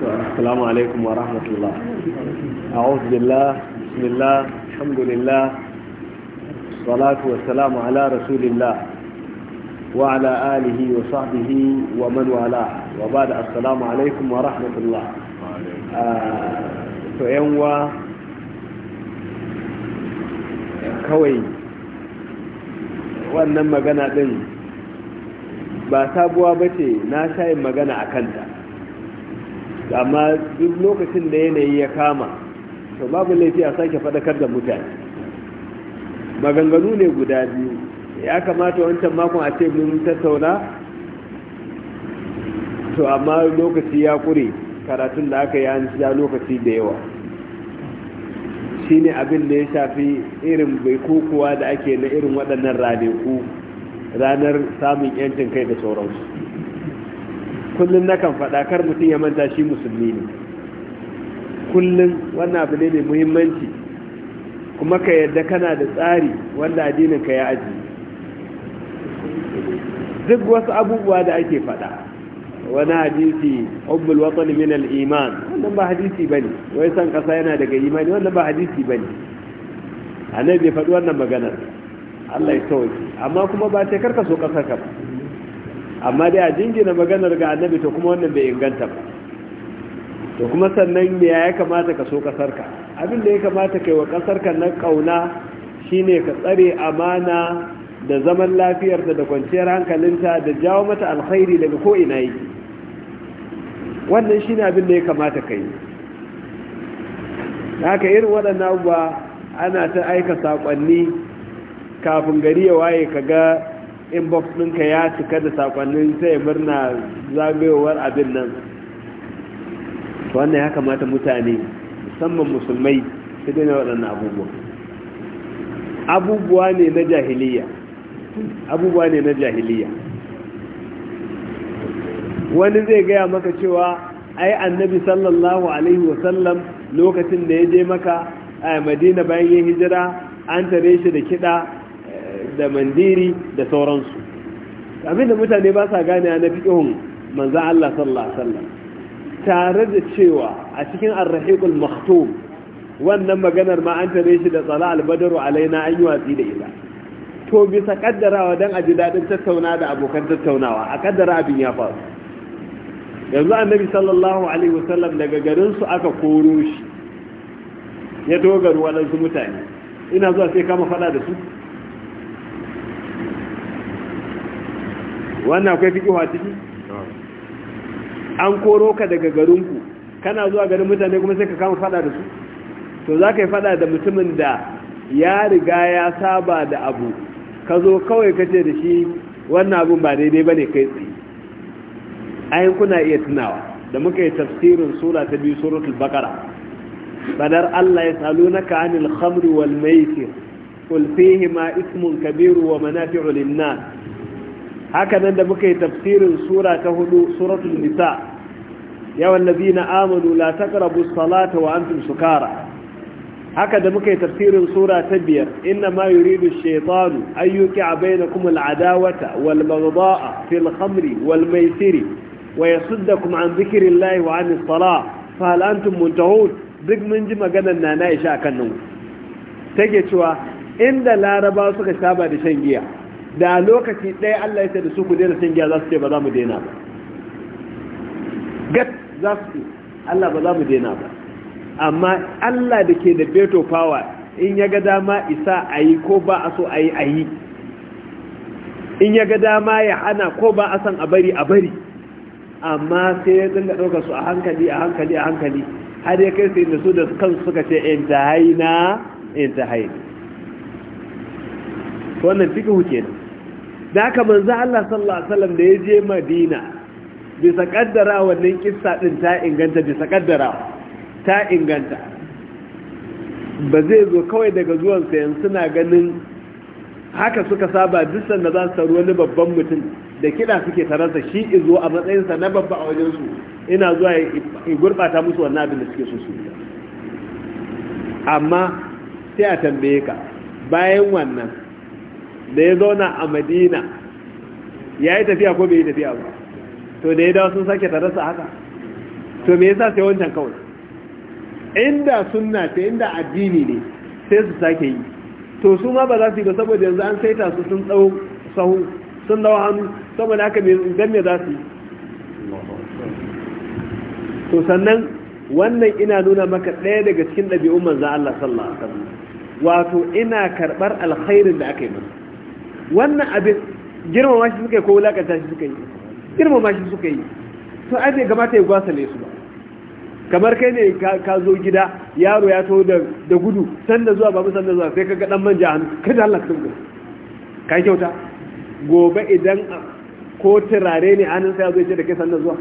السلام عليكم ورحمة الله أعوذ بالله بسم الله الحمد لله الصلاة والسلام على رسول الله وعلى آله وصحبه ومن والاه وبعد السلام عليكم ورحمة الله فأيوا كوي wannan magana din ba sabuwa ba ce na shayin magana a kanta amma duk lokacin da yanayi ya kama to babu laifi a sake faɗakar da mutane maganganu ne guda biyu ya kamata wancan makon a ce mun tattauna to amma lokaci ya kure karatun da aka yi an ja lokaci da yawa shi ne abin da ya shafi irin bai kokowa da ake na irin waɗannan raneku ranar samun yancin kai da sauransu kullum na kan faɗa kar mutum ya manta shi musulmi ne kullum wannan abu ne mai muhimmanci kuma ka yadda kana da tsari wanda addininka ya aji duk wasu abubuwa da ake faɗa wani hadisi hubbul watan min al-iman wannan ba hadisi bane wai san kasa yana daga imani wannan ba hadisi bane annabi bai faɗi wannan maganar Allah ya kawai amma kuma ba ce karka so ƙasar ka ba amma dai a jingina maganar ga annabi to kuma wannan bai inganta ba to kuma sannan me ya kamata ka so kasarka abin da ya kamata kai wa kasarka na kauna shine ka tsare amana da zaman lafiyarta da kwanciyar hankalinta da jawo mata alkhairi daga ko ina yi wannan shine abin da ya kamata kai haka irin waɗannan abubuwa ana ta aika saƙonni kafin gari ya waye ka ga inbox ɗinka ya cika da saƙonin sai murna zagayowar abin nan wannan ya kamata mutane musamman musulmai su daina waɗannan abubuwa abubuwa ne na jahiliya abubuwa ne na jahiliya wani zai gaya maka cewa ai annabi sallallahu alaihi wasallam lokacin da ya je maka a madina bayan yin hijira an tare shi da kiɗa da mandiri da sauransu da mutane ba sa gane na fiƙihun manzan Allah sallallahu alaihi wasallam tare da cewa a cikin arrahiqul Makhto, wannan maganar ma an tare shi da tsala albadaru alaina an yi watsi da ila to bisa kaddarawa don aji daɗin tattauna da abokan tattaunawa a kaddara abin ya faru yanzu annabi sallallahu alaihi wasallam daga garinsu aka koro shi ya dogara waɗansu mutane ina zuwa sai kama faɗa da su wannan akwai fiƙi wa ciki an koro ka daga garinku kana zuwa garin mutane kuma sai ka kama fada da su to za ka yi fada da mutumin da ya riga ya saba da abu ka zo kawai ka ce da shi wannan abu ba daidai ba ne kai tsaye ayin kuna iya tunawa da muka yi tafsirin sura ta biyu suratul bakara badar allah ya salo na ka'anil khamri wal maisir qul fihima ismun kabiru wa manafi'u lin haka nan da muka yi tafsirin sura ta hudu suratul nisa yawan wallazina amanu la taqrabu salata wa antum sukara haka da muka yi tafsirin sura ta biyar inna ma yuridu ash-shaytanu an yuqi'a bainakum al-adawata wal-baghdha'a fil khamri wal-maisiri wa yasuddakum an dhikrillahi wa 'an as-salah fa hal antum muntahun duk mun ji maganar nana Aisha kan nan take cewa inda laraba suka saba da shan giya da lokaci ɗaya Allah ya da su ku daina shan giya za su ce ba za mu daina ba gat za su ce Allah ba za mu daina ba amma Allah da ke da beto power in ya ga dama isa a yi ko ba a so a yi a yi in ya ga dama ya hana ko ba a san a bari a bari amma sai ya dinga ɗauka su a hankali a hankali a hankali har ya kai sai da su da kansu suka ce in in ta ta haina wannan fikihu kenan da aka manzo Allah sallallahu alaihi wasallam da ya je Madina bisa kaddara wannan kissa din ta inganta bisa kaddara ta inganta ba zai zo kawai daga zuwan yanzu suna ganin haka suka saba duk sanda za su taru wani babban mutum da kiɗa suke tararsa shi izo a matsayinsa na babba a wajensu ina zuwa in gurɓata musu wannan abin da suke so su amma sai a tambaye ka bayan wannan da ya zauna a madina ya yi tafiya ko bai yi tafiya ba to da ya dawo sun sake su haka to me yasa sai wancan kawai inda sunna ta inda addini ne sai su sake yi to su ma ba za su yi ba saboda yanzu an saita su sun tsawo sahu sun dawo hannu saboda haka dan me za su yi to sannan wannan ina nuna maka ɗaya daga cikin ɗabi'un manzan Allah sallallahu alaihi wasallam wato ina karɓar alkhairin da aka yi mana wannan abin girmama shi suka yi ko wulakanta shi suka yi girmama shi suka yi to ai bai gamata ya gwasale su ba kamar kai ne ka zo gida yaro ya taho da gudu sanda zuwa babu sanda zuwa sai ka ga dan manja hannu da Allah ka ka kyauta gobe idan ko turare ne hannun sai ya ce da kai sanda zuwa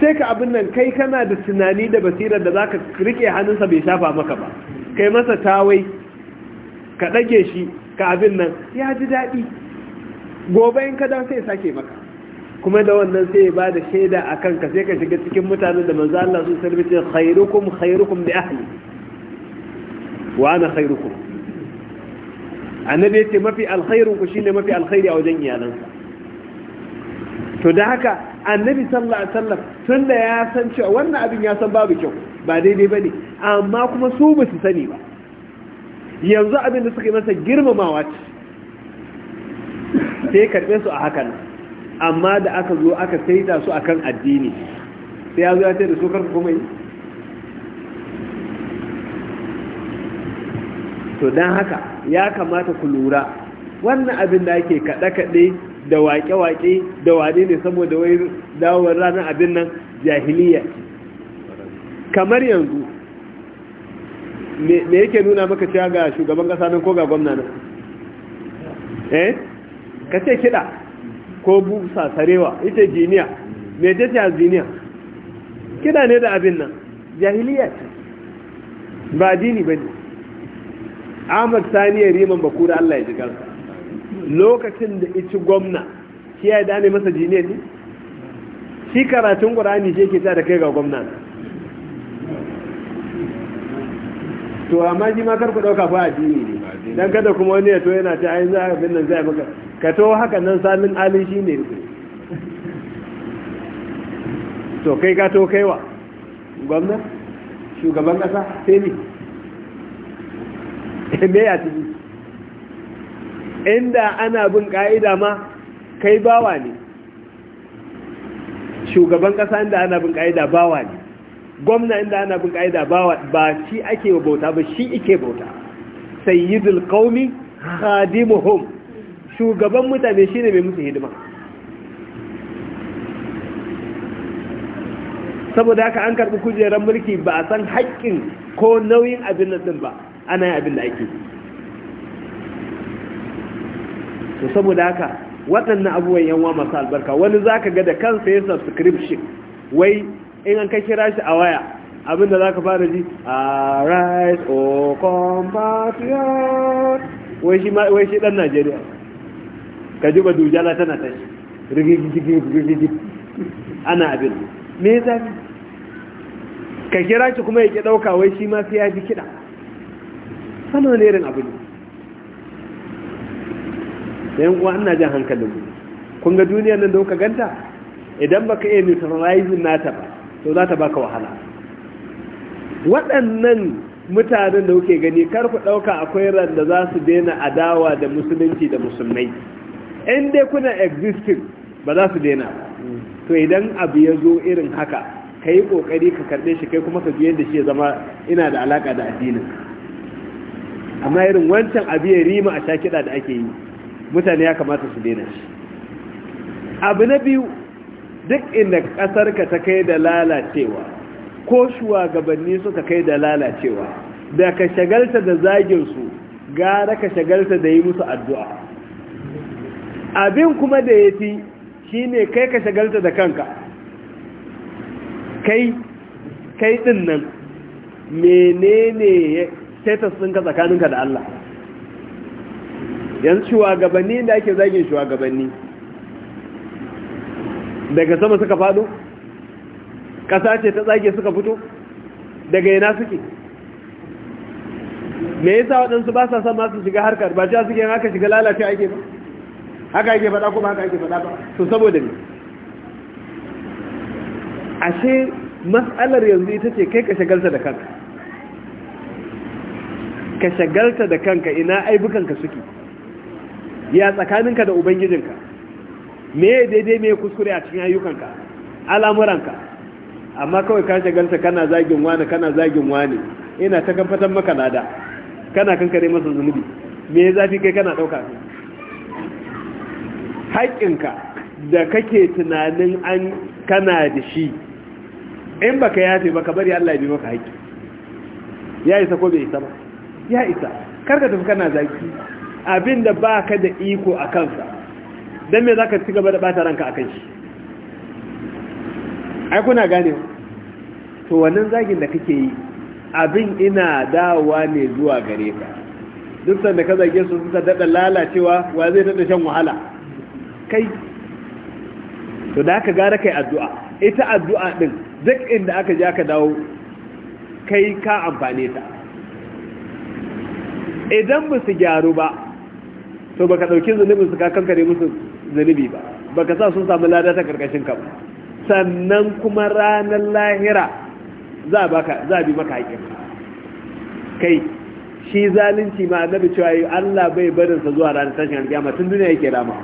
sai ka abin nan kai kana da tunani da basirar da zaka rike hannunsa bai shafa maka ba kai masa tawai ka ɗage shi ka abin nan ya ji daɗi gobe in ka dan sai sake maka kuma da wannan sai ya bada shaida a kanka sai ka shiga cikin mutanen da manzo Allah sun sarbi ce khairukum khairukum bi ahli wa ana khairukum annabi yace mafi alkhairu ku shine mafi alkhairi a wajen iyalansa to da haka annabi sallallahu alaihi wasallam tunda ya san cewa wannan abin ya san babu kyau ba daidai bane amma kuma su ba su sani ba yanzu abin da suka yi masa girmamawa ce sai karɓe su a hakan amma da aka zo aka saida su akan addini sai ya zo ya da su karfi kuma yi to don haka ya kamata ku lura wannan abin da ake kaɗe-kaɗe da waƙe-waƙe da wane ne saboda wai dawowar ranar abin nan jahiliya kamar yanzu me yake nuna maka cewa ga shugaban kasa nan ko ga gwamna nan eh ka ce kiɗa ko busa sarewa ita jiniya me ta ce jiniya kiɗa ne da abin nan jahiliya ce ba dini ba ne ahmad sani ya riman bakura allah ya ji kansa lokacin da ici gwamna shi ya dane masa jiniya ne shi karatun ƙur'ani shi ke ta da kai ga gwamna to amma shi ma kar ku dauka fa addini ne dan kada kuma wani ya to yana ta ai za a binnan zai maka ka to haka nan samin alin shi ne to kai ka to kaiwa gwamna shugaban kasa sai ni me ya ci inda ana bin ka'ida ma kai bawa ne shugaban kasa inda ana bin ka'ida bawa ne gwamna inda ana bin ka'ida ba shi ake bauta ba shi ike bauta Sai sayyidul qaumi khadimuhum shugaban mutane shi ne mai musu hidima saboda haka an karɓi kujerar mulki ba a san haƙƙin ko nauyin abin da ba ana yin abin da ake to saboda haka waɗannan abubuwan yanwa masu albarka wani ka ga da kansa ya subscription wai in an kai kira shi a waya abinda za ka fara ji arise o compatriot wai shi dan najeriya ka ji ba dujala tana tashi rigigigigigigigi ana abin me ka kira shi kuma ya wai shi ma sai ya ji kiɗa wani irin uwa kun ga duniyar nan da kuka ganta idan baka iya neutralizing nata ba to za ta baka wahala waɗannan mutanen da kuke gani karku ɗauka akwai ran da za su daina adawa da musulunci da musulmai in dai kuna existing ba za su daina to idan abu ya zo irin haka ka yi ƙoƙari ka karɓe shi kai kuma ka biyan da shi ya zama ina da alaƙa da addinin amma irin wancan abu ya rima a sha kiɗa da ake yi mutane ya kamata su daina shi abu na biyu duk inda ƙasarka ta kai da lalacewa ko shugabanni suka kai da lalacewa da ka shagalta da zaginsu gara ka shagalta da yi musu addu'a abin kuma da ya fi shi ne kai ka shagalta da kanka kai kai ɗin nan menene status ɗinka tsakaninka da Allah yanzu shugabanni da ake zagin shugabanni daga sama suka fado ƙasa ce ta tsage suka fito daga yana suke me yasa waɗansu ba sa sama su shiga harkar ba ta suke haka shiga lalace ake ba haka ake faɗa kuma haka ake faɗa ba to saboda ne ashe matsalar yanzu ita ce kai ka shagalta da kanka ka shagalta da kanka ina aibukanka suke ya tsakaninka da ubangijinka me daidai me kuskure a cikin ayyukanka al'amuranka amma kawai ka shagalta kana zagin wani kana zagin wani ina ta kamfatan maka lada kana kankare masa zunubi me zafi kai kana ɗauka haƙƙinka da kake tunanin an kana da shi in baka yafe baka bari Allah ya bi maka haƙƙi ya isa ko bai isa ba ya isa karka tafi kana zaki abinda baka da iko a kansa don me za ka ci gaba da ɓata ranka a kan shi ai kuna gane to wannan zagin da kake yi abin ina dawowa ne zuwa gare ka duk sanda ka zage su suka daɗa lalacewa wa zai daɗa shan wahala kai to da aka gara kai addu'a ita addu'a ɗin duk inda aka ja ka dawo kai ka amfane ta idan ba su gyaru ba to ba ka ɗauki zunubin su ka kankare musu zunubi ba baka sa sun samu lada ta karkashin ka sannan kuma ranar lahira za baka za bi maka haƙƙin kai shi zalunci ma annabi cewa Allah bai barin sa zuwa ranar tashin alƙiyama tun duniya yake rama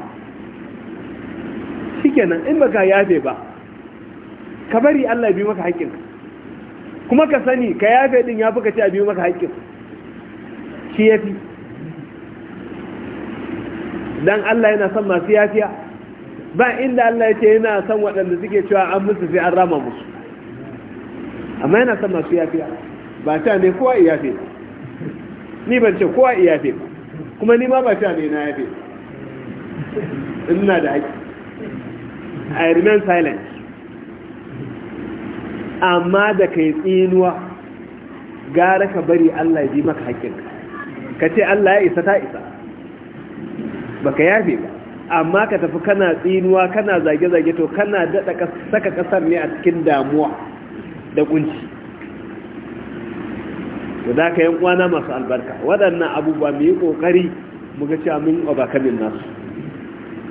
shikenan in baka yafe ba ka bari Allah bi maka haƙƙin kuma ka sani ka yafe din ya fi ka ce a bi maka haƙƙin shi yafi dan Allah yana son masu yafiya ba inda Allah ya ce yana son waɗanda suke cewa an musu sai an rama musu amma yana son masu yafiya ba ta ne kowa iyafe ni ban ce kowa iyafe kuma ni ma ba ta ne na yafe ina da haƙi i remain silent amma da kai tsinuwa gara ka bari Allah ya ji maka haƙƙinka ka ce Allah ya isa ta isa baka yafe ba amma ka tafi kana tsinuwa kana zage-zage to kana daɗa saka ƙasar ne a cikin damuwa da kunci to da ka yankwana masu albarka waɗannan abubuwa mu yi ƙoƙari mu ga cewa mun kamin nasu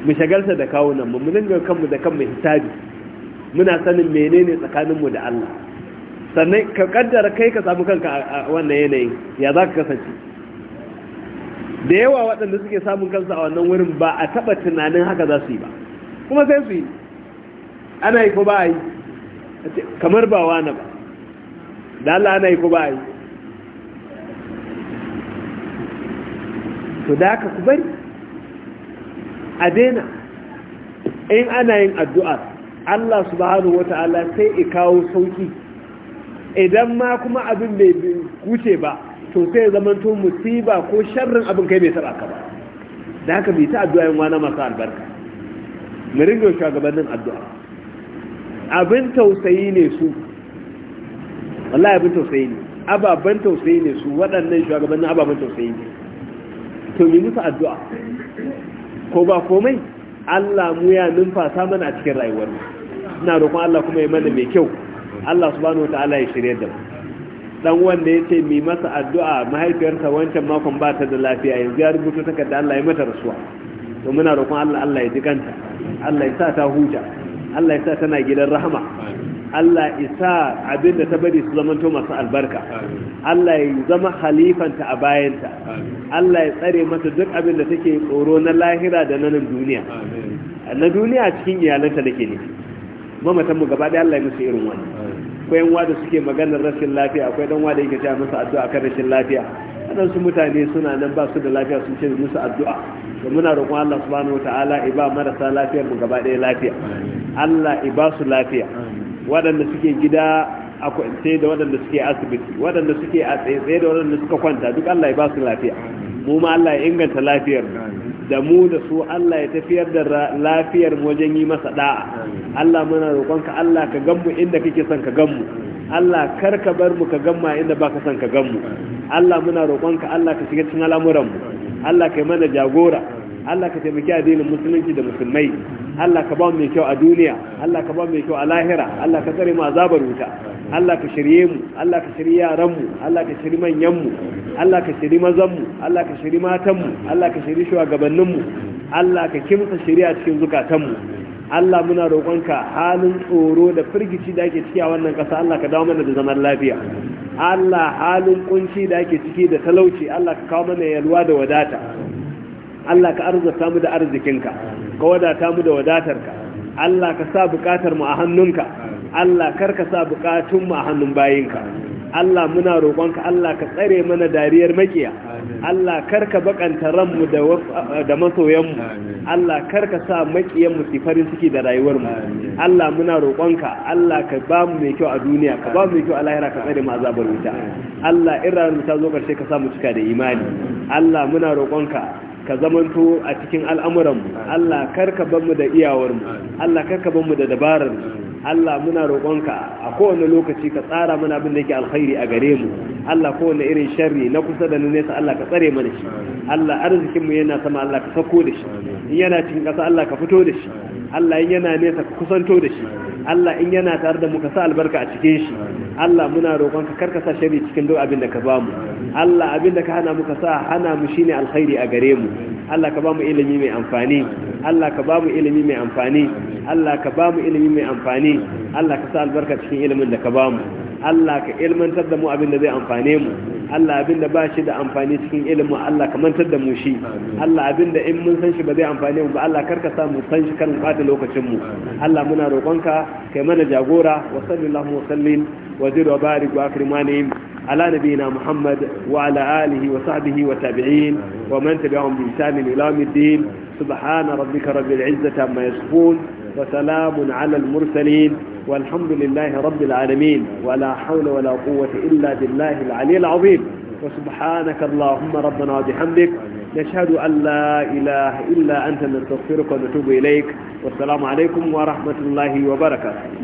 mu shagalta da kawunan mu mun ga kanmu da kanmu hitabi muna sanin menene tsakaninmu da Allah sannan ka kaddara kai ka samu kanka a wannan yanayin ya za ka kasance da yawa waɗanda suke samun kansu a wannan wurin ba a taɓa tunanin haka za su yi ba kuma sai su yi ana yi ko ba a yi kamar ba wani ba da Allah ana yi ko ba a yi to da aka ku bari a daina in ana yin addu'a Allah subhanahu wata'ala sai i kawo sauki idan ma kuma abin bai kuce ba to sai zaman tun musiba ko sharrin abin kai bai taba ka ba da haka bai ta addu'a yin wani masu albarka mu ringa shugabannin addu'a abin tausayi ne su wallahi abin tausayi ne ababen tausayi ne su waɗannan shugabannin ababen tausayi ne to yi musu addu'a ko ba komai Allah mu ya numfasa mana a cikin rayuwar ina roƙon Allah kuma ya mana mai kyau Allah subhanahu ta'ala ya shirye da mu dan wanda ya ce mai masa addu'a mahaifiyarsa wancan makon ba ta da lafiya yanzu ya rubuta takarda Allah ya mata rasuwa to muna roƙon Allah Allah ya ji kanta Allah ya sa ta huta Allah ya sa tana gidan rahama Allah sa abin da ta bari su to masu albarka Allah ya zama halifanta a bayanta Allah ya tsare mata duk abin da take tsoro na lahira da nanin duniya na duniya cikin iyalanta da ke ne mamatanmu gaba ɗaya Allah ya musu irin wani akwai yan wada suke maganar rashin lafiya akwai dan wada yake cewa musu addu'a kan rashin lafiya waɗansu mutane suna nan ba su da lafiya sun ce musu addu'a to muna roƙon Allah subhanahu wataala iba marasa lafiyar mu gaba ɗaya lafiya Allah iba su lafiya waɗanda suke gida akwai sai da waɗanda suke asibiti waɗanda suke a tsaye da waɗanda suka kwanta duk Allah ya ba su lafiya mu ma Allah ya inganta lafiyar mu da mu da su Allah ya tafiyar da lafiyar wajen yi masa ɗa'a. Allah muna roƙonka Allah ka gan mu inda kake son ka gan mu Allah kar ka bar mu ka gan ma inda baka son ka gan mu Allah muna roƙonka Allah ka shiga cikin al'amuran mu Allah kai mana jagora Allah ka taimaki addinin musulunci da musulmai Allah ka ba mu mai kyau a duniya Allah ka ba mu mai kyau a lahira Allah ka tsare mu azabar wuta Allah ka shirye mu Allah ka shirye yaran mu Allah ka shirye manyan Allah ka shirye mazan mu Allah ka shirye matan mu Allah ka shirye shugabannin mu Allah ka kimsa a cikin zukatan mu Allah muna roƙonka halin tsoro da firgici da ake ciki a wannan ƙasa Allah ka dawo mana da zaman lafiya Allah halin kunci da ake ciki da talauci Allah ka kawo mana yalwa da wadata Allah ka arzuta mu da arzikinka ka wadata mu da wadatarka Allah ka sa bukatar mu a hannunka Allah karka sa bukatun mu a hannun bayinka Allah muna roƙonka Allah ka tsare mana dariyar makiya Allah karka bakanta ranmu da da masoyanmu Allah karka sa makiyan mu farin ciki da rayuwar mu Allah muna roƙonka Allah ka ba mu mai kyau a duniya ka ba mu mai kyau a lahira ka tsare mu azabar wuta Allah in ranar ta zo karshe ka sa mu cika da imani Allah muna roƙonka ka zamanto a cikin al'amuranmu Allah karka mu da iyawarmu Allah karka mu da dabararmu Allah muna roƙonka a kowane lokaci ka tsara mana abin da yake alkhairi a gare mu Allah kowane irin sharri na kusa da nesa Allah ka tsare mana shi Allah arzikin mu yana sama Allah ka sako da shi in yana cikin ƙasa Allah ka fito da shi Allah in yana nesa ka kusanto da shi Allah in yana tare da mu ka sa albarka a cikin shi Allah muna roƙon ka karka sa shari cikin duk abin da ka ba mu Allah abin da ka hana muka sa hana mu shine alkhairi a gare mu Allah ka ba mu ilimi mai amfani Allah ka ba mu ilimi mai amfani Allah ka ba mu ilimi mai amfani Allah ka sa albarka cikin ilimin da ka ba mu Allah ka ilmantar da mu abin da zai amfane mu Allah abin da ba shi da amfani cikin ilimin Allah ka mantar da mu shi Allah abin da in mun san shi ba zai amfane mu ba Allah karka sa mu san shi kan bata lokacin mu Allah muna roƙonka kai mana jagora wa sallallahu wa sallim وزير وبارك وأكرم وانهم على نبينا محمد وعلى آله وصحبه وتابعين ومن تبعهم بإنسان إلى الدين سبحان ربك رب العزة عما يصفون وسلام على المرسلين والحمد لله رب العالمين ولا حول ولا قوة إلا بالله العلي العظيم وسبحانك اللهم ربنا وبحمدك نشهد أن لا إله إلا أنت نستغفرك ونتوب إليك والسلام عليكم ورحمة الله وبركاته